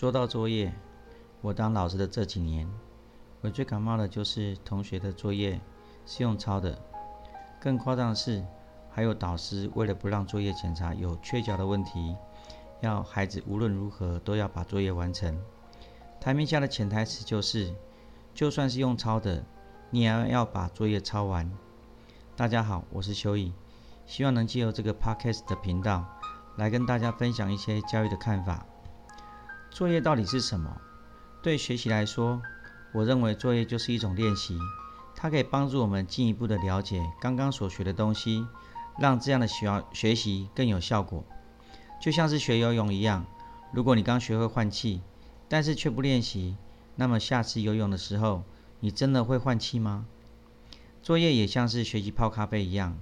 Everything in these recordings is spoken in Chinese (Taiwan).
說到作業，我當老師的這幾年，我最感冒的就是同學的作業是用抄的。更誇張的是，還有導師為了不讓作業檢查有缺繳的問題，要孩子無論如何都要把作業完成。台面下的潛台詞就是，就算是用抄的，你也要把作業抄完。大家好，我是修意，希望能借由這個 Podcast 的頻道來跟大家分享一些教育的看法。作業到底是什麼？對學習來說，我認為作業就是一種練習，它可以幫助我們進一步的了解剛剛所學的東西，讓這樣的學學習更有效果。就像是學游泳一樣，如果你剛學會換氣，但是卻不練習，那麼下次游泳的時候，你真的會換氣嗎？作業也像是學習泡咖啡一樣，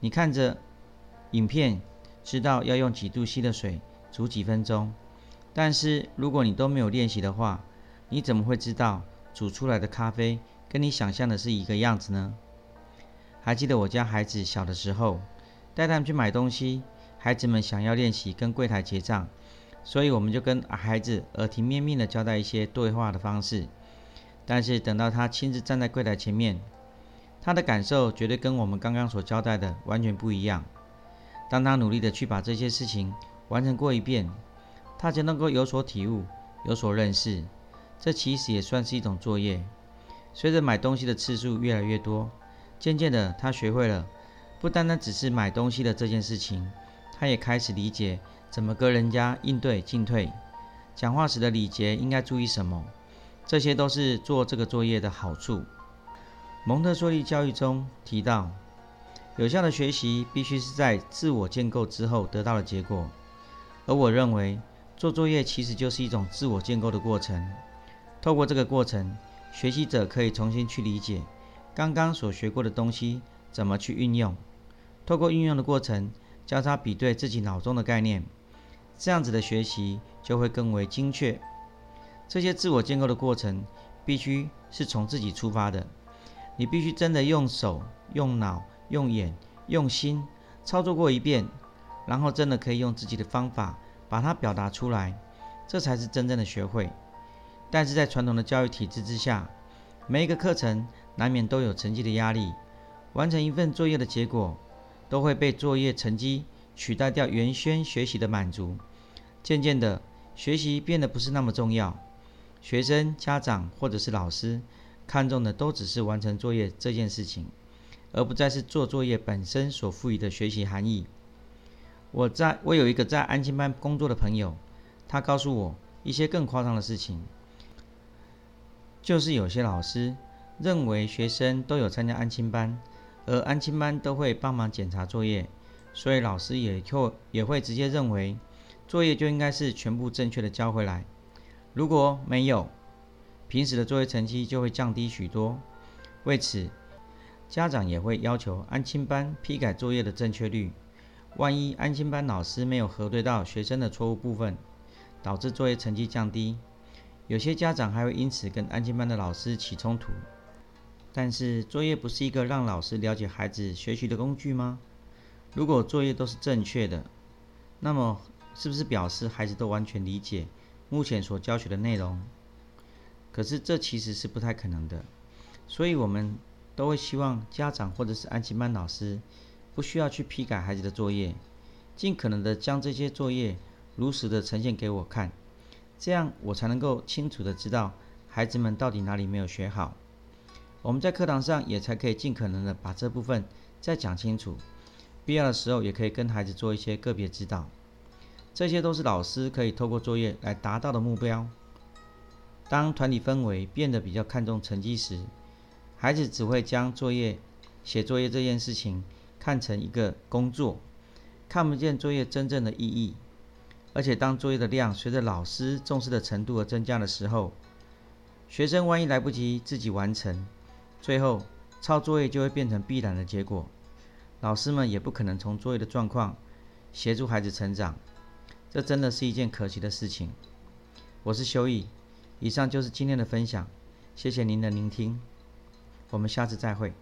你看着影片，知道要用幾度 C 的水煮幾分鐘。但是，如果你都沒有練習的話，你怎麼會知道煮出來的咖啡跟你想象的是一個樣子呢？還記得我家孩子小的時候，帶他們去買東西，孩子們想要練習跟櫃檯結賬，所以我們就跟孩子耳提面命地交代一些對話的方式。但是等到他親自站在櫃檯前面，他的感受絕對跟我們剛剛所交代的完全不一樣。當他努力地去把這些事情完成過一遍。他才能夠有所體悟、有所認識，這其實也算是一種作業。隨着買東西的次數越來越多，漸漸的，他學會了不單單只是買東西的這件事情，他也開始理解怎麼跟人家應對進退，講話時的禮節應該注意什麼，這些都是做這個作業的好處。蒙特梭利教育中提到，有效的學習必須是在自我建構之後得到的結果，而我認為，做作業其實就是一種自我建構的過程。透過這個過程，學習者可以重新去理解剛剛所學過的東西怎麼去運用。透過運用的過程，交叉比對自己腦中的概念，這樣子的學習就會更為精確。這些自我建構的過程必須是從自己出發的，你必須真的用手、用腦、用眼、用心操作過一遍，然後真的可以用自己的方法，把它表達出來，這才是真正的學會。但是在傳統的教育體制之下，每一個課程難免都有成績的壓力，完成一份作業的結果都會被作業成績取代掉原先學習的滿足。漸漸的學習變得不是那麼重要，學生、家長或者是老師看重的都只是完成作業這件事情，而不再是做作業本身所賦予的學習含義。我在我有一個在安親班工作的朋友，他告訴我一些更誇張的事情，就是有些老師認為學生都有參加安親班，而安親班都會幫忙檢查作業，所以老師也就也會直接認為作業就應該是全部正確的交回來，如果沒有，平時的作業成績就會降低許多。為此，家長也會要求安親班批改作業的正確率。萬一安心班老師沒有核對到學生的錯誤部分，導致作業成績降低，有些家長還會因此跟安心班的老師起衝突。但是作業不是一個讓老師了解孩子學習的工具嗎？如果作業都是正確的，那麼是不是表示孩子都完全理解目前所教學的內容？可是這其實是不太可能的，所以我們都會希望家長或者是安心班老師。不需要去批改孩子的作業，盡可能的將這些作業如實的呈現給我看，這樣我才能夠清楚的知道孩子們到底哪裡沒有學好。我們在課堂上也才可以盡可能的把這部分再講清楚，必要的時候也可以跟孩子做一些個別指導。這些都是老師可以透過作業來達到的目標。當團體氛圍變得比較看重成績時，孩子只會將作業、寫作業這件事情，看成一個工作，看不見作業真正的意義，而且當作業的量隨着老師重視的程度而增加的時候，學生萬一來不及自己完成，最後抄作業就會變成必然的結果。老師們也不可能從作業的狀況協助孩子成長，這真的是一件可惜的事情。我是修義，以上就是今天的分享，謝謝您的聆聽，我們下次再會。